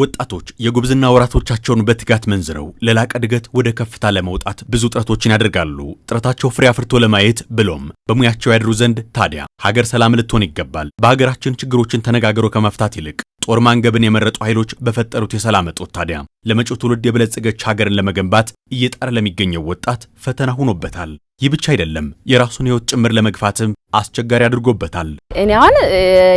ወጣቶች የጉብዝና ወራቶቻቸውን በትጋት መንዝረው ለላቀ እድገት ወደ ከፍታ ለመውጣት ብዙ ጥረቶችን ያደርጋሉ። ጥረታቸው ፍሬ አፍርቶ ለማየት ብሎም በሙያቸው ያድሩ ዘንድ ታዲያ ሀገር ሰላም ልትሆን ይገባል። በሀገራችን ችግሮችን ተነጋግሮ ከመፍታት ይልቅ ጦር ማንገብን የመረጡ ኃይሎች በፈጠሩት የሰላም እጦት ታዲያ ለመጪው ትውልድ የበለጸገች ሀገርን ለመገንባት እየጣረ ለሚገኘው ወጣት ፈተና ሆኖበታል። ይህ ብቻ አይደለም፣ የራሱን ህይወት ጭምር ለመግፋትም አስቸጋሪ አድርጎበታል። እኔ አሁን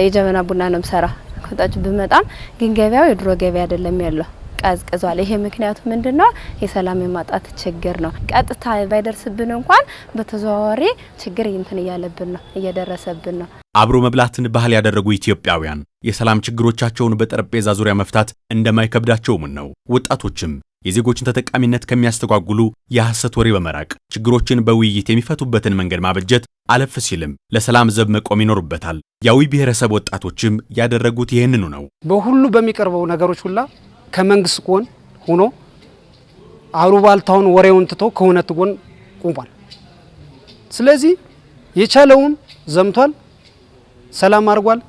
የጀበና ቡና ነው ምሰራ ከታች ብመጣም ግን ገበያው የድሮ ገበያ አይደለም ያለው ቀዝቅዟል። ይሄ ምክንያቱ ምንድነው? የሰላም የማጣት ችግር ነው። ቀጥታ ባይደርስብን እንኳን በተዘዋዋሪ ችግር እንትን እያለብን ነው፣ እየደረሰብን ነው። አብሮ መብላትን ባህል ያደረጉ ኢትዮጵያውያን የሰላም ችግሮቻቸውን በጠረጴዛ ዙሪያ መፍታት እንደማይከብዳቸውም ነው። ወጣቶችም የዜጎችን ተጠቃሚነት ከሚያስተጓጉሉ የሐሰት ወሬ በመራቅ ችግሮችን በውይይት የሚፈቱበትን መንገድ ማበጀት አለፍ ሲልም ለሰላም ዘብ መቆም ይኖሩበታል። የአዊ ብሔረሰብ ወጣቶችም ያደረጉት ይህንኑ ነው። በሁሉ በሚቀርበው ነገሮች ሁላ ከመንግስት ጎን ሆኖ አሉባልታውን ወሬውን ትቶ ከእውነት ጎን ቁሟል። ስለዚህ የቻለውም ዘምቷል፣ ሰላም አድርጓል።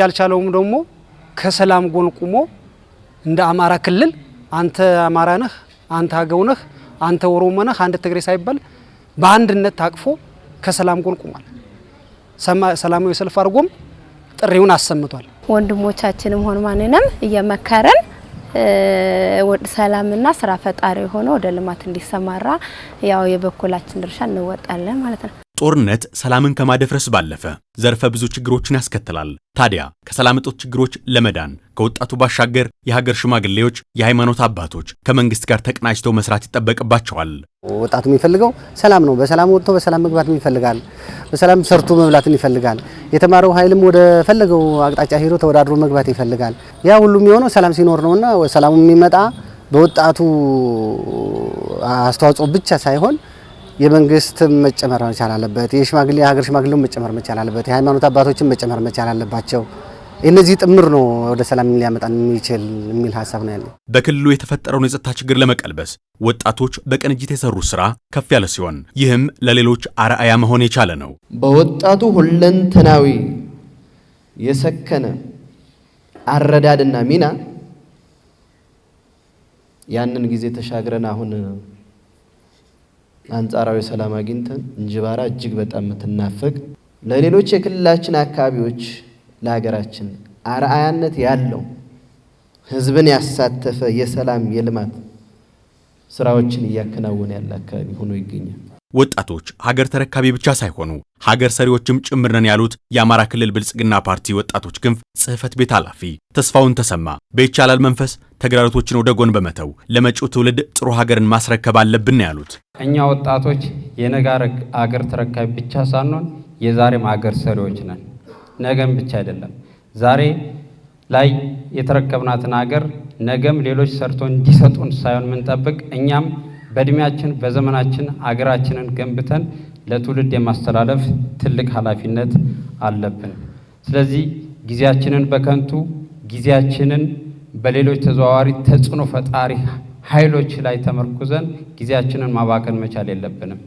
ያልቻለውም ደግሞ ከሰላም ጎን ቁሞ እንደ አማራ ክልል አንተ አማራ ነህ፣ አንተ አገው ነህ፣ አንተ ኦሮሞ ነህ፣ አንተ ትግሬ ሳይባል በአንድነት ታቅፎ ከሰላም ጎን ቁሟል። ሰላማዊ ሰልፍ አድርጎም ጥሪውን አሰምቷል። ወንድሞቻችንም ሆን ማንንም እየመከረን ሰላምና ስራ ፈጣሪ ሆኖ ወደ ልማት እንዲሰማራ ያው የበኩላችን ድርሻ እንወጣለን ማለት ነው። ጦርነት ሰላምን ከማደፍረስ ባለፈ ዘርፈ ብዙ ችግሮችን ያስከትላል። ታዲያ ከሰላም እጦት ችግሮች ለመዳን ከወጣቱ ባሻገር የሀገር ሽማግሌዎች፣ የሃይማኖት አባቶች ከመንግስት ጋር ተቀናጅተው መስራት ይጠበቅባቸዋል። ወጣቱ የሚፈልገው ሰላም ነው። በሰላም ወጥቶ በሰላም መግባትም ይፈልጋል። በሰላም ሰርቶ መብላትን ይፈልጋል። የተማረው ኃይልም ወደ ፈለገው አቅጣጫ ሄዶ ተወዳድሮ መግባት ይፈልጋል። ያ ሁሉም የሆነው ሰላም ሲኖር ነውና ሰላሙ የሚመጣ በወጣቱ አስተዋጽኦ ብቻ ሳይሆን የመንግስትም መጨመር መቻል አለበት። የሽማግሌ የሀገር ሽማግሌውን መጨመር መቻል አለበት። የሃይማኖት አባቶችም መጨመር መቻል አለባቸው። እነዚህ ጥምር ነው ወደ ሰላም ሊያመጣን የሚችል የሚል ሀሳብ ነው ያለው። በክልሉ የተፈጠረውን የጸጥታ ችግር ለመቀልበስ ወጣቶች በቅንጅት የሰሩት ስራ ከፍ ያለ ሲሆን ይህም ለሌሎች አርአያ መሆን የቻለ ነው። በወጣቱ ሁለንተናዊ የሰከነ አረዳድና ሚና ያንን ጊዜ ተሻግረን አሁን አንጻራዊ ሰላም አግኝተን እንጅባራ እጅግ በጣም የምትናፈቅ ለሌሎች የክልላችን አካባቢዎች ለሀገራችን አርአያነት ያለው ህዝብን ያሳተፈ የሰላም የልማት ስራዎችን እያከናወነ ያለ አካባቢ ሆኖ ይገኛል። ወጣቶች ሀገር ተረካቢ ብቻ ሳይሆኑ ሀገር ሰሪዎችም ጭምር ነን ያሉት የአማራ ክልል ብልጽግና ፓርቲ ወጣቶች ክንፍ ጽህፈት ቤት ኃላፊ ተስፋውን ተሰማ በይቻላል መንፈስ ተግዳሮቶችን ወደ ጎን በመተው ለመጪው ትውልድ ጥሩ ሀገርን ማስረከብ አለብን ያሉት እኛ ወጣቶች የነገ አገር ተረካቢ ብቻ ሳንሆን የዛሬም አገር ሰሪዎች ነን። ነገም ብቻ አይደለም፣ ዛሬ ላይ የተረከብናትን አገር ነገም ሌሎች ሰርቶ እንዲሰጡን ሳይሆን ምንጠብቅ እኛም በእድሜያችን በዘመናችን አገራችንን ገንብተን ለትውልድ የማስተላለፍ ትልቅ ኃላፊነት አለብን። ስለዚህ ጊዜያችንን በከንቱ ጊዜያችንን በሌሎች ተዘዋዋሪ ተጽዕኖ ፈጣሪ ኃይሎች ላይ ተመርኩዘን ጊዜያችንን ማባከን መቻል የለብንም።